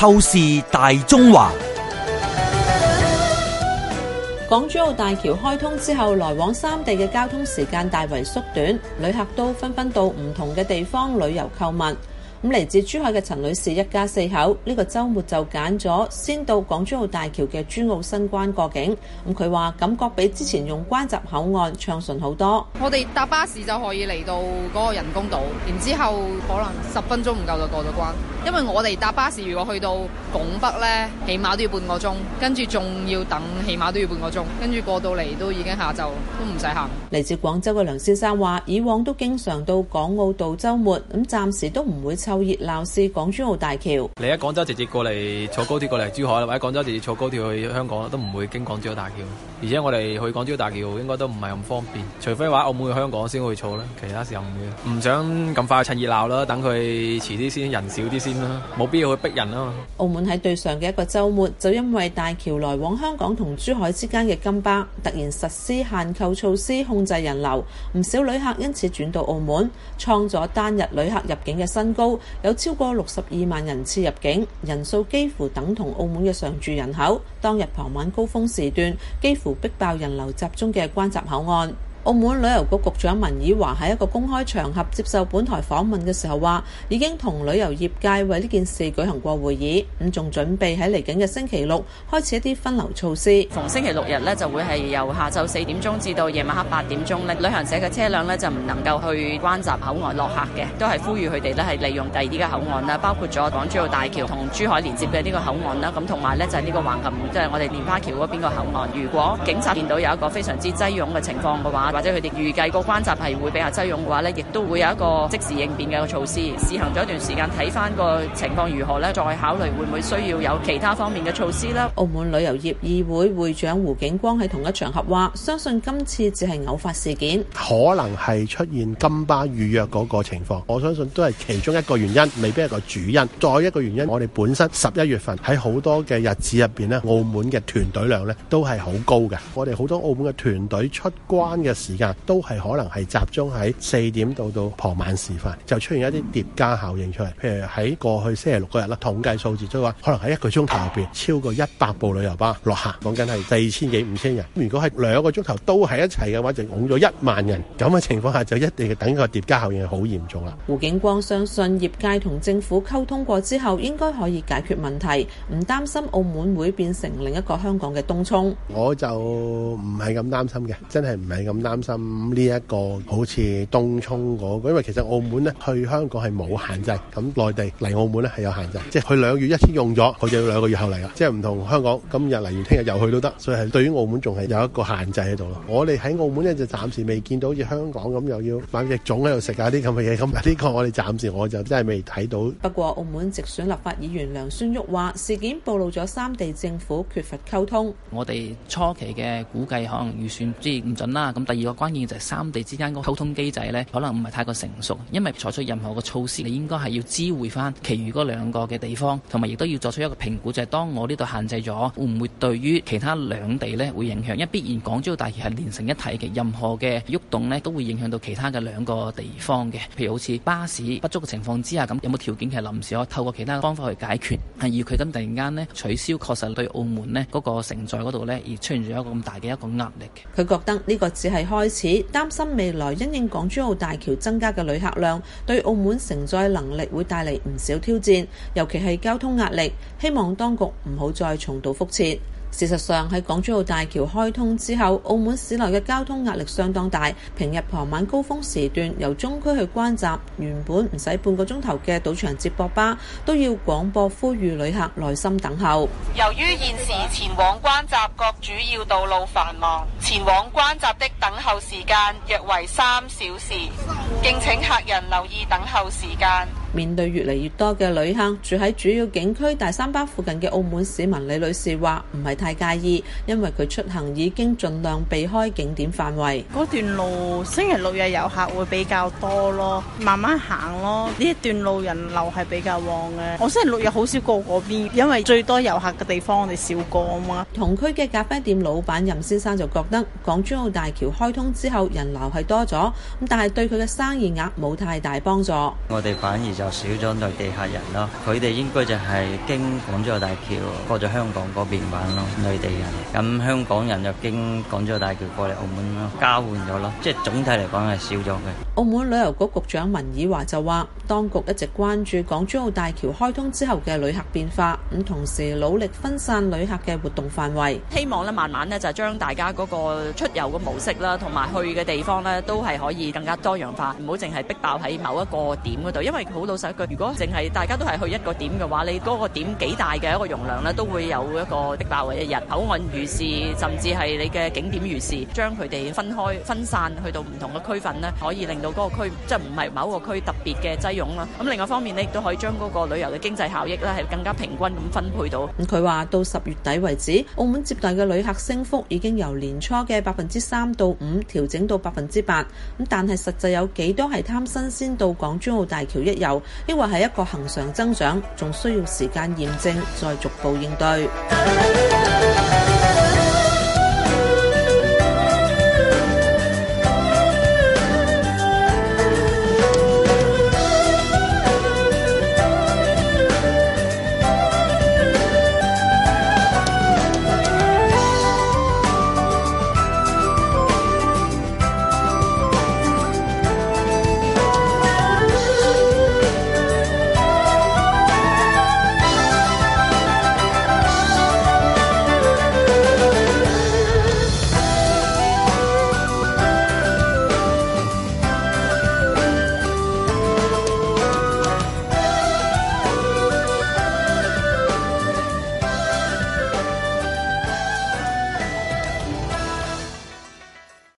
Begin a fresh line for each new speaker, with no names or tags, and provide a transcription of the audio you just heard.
透視大中華，
港珠澳大橋開通之後，來往三地嘅交通時間大為縮短，旅客都紛紛到唔同嘅地方旅遊購物。咁嚟自珠海嘅陳女士一家四口呢個周末就揀咗先到港珠澳大橋嘅珠澳新關過境。咁佢話感覺比之前用關閘口岸暢順好多。
我哋搭巴士就可以嚟到嗰個人工島，然之後可能十分鐘唔夠就過咗關。因為我哋搭巴士，如果去到拱北呢，起碼都要半個鐘，跟住仲要等，起碼都要半個鐘，跟住過到嚟都
已經下晝，都唔使行。嚟自廣州嘅梁先生話，以往都經常到港澳度週末，咁暫時都唔會湊熱鬧，試港珠澳大橋。
你喺廣州直接過嚟坐高鐵過嚟珠海，或者廣州直接坐高鐵去香港，都唔會經港珠澳大橋。而且我哋去港珠澳大橋應該都唔係咁方便，除非話澳門去香港先會坐啦，其他時候唔會，唔想咁快趁熱鬧啦，等佢遲啲先，人少啲先。冇必要去逼人
啊。澳門喺對上嘅一個週末，就因為大橋來往香港同珠海之間嘅金巴突然實施限購措施，控制人流，唔少旅客因此轉到澳門，創咗單日旅客入境嘅新高，有超過六十二萬人次入境，人數幾乎等同澳門嘅常住人口。當日傍晚高峰時段，幾乎逼爆人流集中嘅關閘口岸。澳門旅遊局局長文綺華喺一個公開場合接受本台訪問嘅時候話，已經同旅遊業界為呢件事舉行過會議，咁仲準備喺嚟緊嘅星期六開始一啲分流措施。逢星期六日呢，就會係由下晝
四點鐘至到夜晚黑八點鐘呢，旅行社嘅車輛呢，就唔能夠去關閘口岸落客嘅，都係呼籲佢哋呢係利用第二啲嘅口岸啦，包括咗港珠澳大橋同珠海連接嘅呢個口岸啦，咁同埋呢，就係呢個橫琴，即係我哋蓮花橋嗰邊個口岸。如果警察見到有一個非常之擠擁嘅情況嘅話，或者佢哋預計個關閘係會比較擠擁嘅話咧，亦都會有一個即時應變嘅個措施。試行咗一段時間，睇翻個情況如何咧，再考慮會唔會需要
有其他方面嘅措施啦。澳門旅遊業議會會會長胡景光喺同一場合話，相信今次只係偶發事件，
可能係出現金巴預約嗰個情況，我相信都係其中一個原因，未必係個主因。再一個原因，我哋本身十一月份喺好多嘅日子入邊咧，澳門嘅團隊量咧都係好高嘅。我哋好多澳門嘅團隊出關嘅。時間都係可能係集中喺四點到到傍晚時分，就出現一啲疊加效應出嚟。譬如喺過去星期六日啦，統計數字即話，可能喺一個鐘頭入面超過一百部旅遊巴落客，講緊係四千幾五千人。如果係兩個鐘頭都喺一齊嘅話，就擁咗一萬人咁嘅情況下，就一定等個疊加效應好嚴重啦。
胡景光相信業界同政府溝通過之後，應該可以解決問題，唔擔心澳門會變成另一個香港嘅東涌。
我就唔係咁擔心嘅，真係唔係咁擔心。擔心呢一個好似東涌嗰個，因為其實澳門呢去香港係冇限制，咁內地嚟澳門呢係有限制，即係去兩月一次用咗，佢就要兩個月後嚟啦，即係唔同香港，今日嚟完，聽日又去都得，所以係對於澳門仲係有一個限制喺度咯。我哋喺澳門呢就暫時未見到，好似香港咁又要買隻粽喺度食啊啲咁嘅嘢，咁呢個我哋暫時我就真係未睇到。不過澳門直
選立法議員梁孫旭話：事件暴露咗三地政府缺乏溝通。我哋初期嘅估計可能預算
之唔準啦，咁第。而二個關鍵就係三地之間嗰個溝通機制呢，可能唔係太過成熟，因為採取任何個措施，你應該係要知會翻，其餘嗰兩個嘅地方，同埋亦都要作出一個評估，就係、是、當我呢度限制咗，會唔會對於其他兩地呢會影響？因為必然港珠澳大橋係連成一體嘅，任何嘅喐動呢都會影響到其他嘅兩個地方嘅。譬如好似巴士不足嘅情況之下，咁有冇條件係臨時我透過其他方法去解決？而佢咁突然間
呢取消，確實對澳門呢嗰、那個承載嗰度呢，而出現咗一個咁大嘅一個壓力嘅。佢覺得呢個只係。開始擔心未來因應港珠澳大橋增加嘅旅客量，對澳門承載能力會帶嚟唔少挑戰，尤其係交通壓力，希望當局唔好再重蹈覆轍。事實上，喺港珠澳大橋開通之後，澳門市內嘅交通壓力相當大。平日傍晚高峰時段，由中區去關閘，原本唔使半個鐘頭嘅賭場接駁巴，都要廣播呼籲旅客耐心等候。由於現時前往關閘各主要道路繁忙，前往關閘的等候時間約為三小時，敬請客人留意
等候時間。
面對越嚟越多嘅旅客，住喺主要景區大三巴附近嘅澳門市民李女士話：唔係太介意，因為佢出行已經盡量避開景點範圍。嗰段路星期六日遊客會比較多咯，慢慢
行咯。呢一段路人流係比較旺嘅。我星期六日
好少過嗰邊，因為最多遊客嘅地方我哋少過啊嘛。同區嘅咖啡店老闆任先生就覺得，港珠澳大橋開通之後人流係多咗，咁但係對佢嘅生意額冇太大幫助。
我哋反而。就少咗內地客人咯，佢哋應該就係經港珠澳大橋過咗香港嗰邊玩咯，內地人，咁香港人就經港珠澳大橋過嚟澳門咯，交換咗咯，即係總體嚟講係少咗嘅。
澳門旅遊局局長文綺華就話，當局一直關注港珠澳大橋開通之後嘅旅客變化，咁同時努力分散旅客嘅活動範圍，
希望咧慢慢咧就將大家嗰個出遊嘅模式啦，同埋去嘅地方咧都係可以更加多樣化，唔好淨係逼爆喺某一個點嗰度，因為好。老實一句，如果淨係大家都係去一個點嘅話，你嗰個點幾大嘅一個容量咧，都會有一個迫爆嘅一日，口岸如是，甚至係你嘅景點如是，將佢哋分開分散去到唔同嘅區份咧，可以令到嗰個區即係唔係某一個區特別嘅擠擁啦。咁另外一方面咧，你亦都可以將嗰個旅遊嘅經濟效益咧係更加平均咁分配到。
咁佢話到十月底為止，澳門接待嘅旅客升幅已經由年初嘅百分之三到五調整到百分之八。咁但係實際有幾多係貪新鮮到港珠澳大橋一遊？抑或係一個恒常增長，仲需要時間驗證，再逐步應對。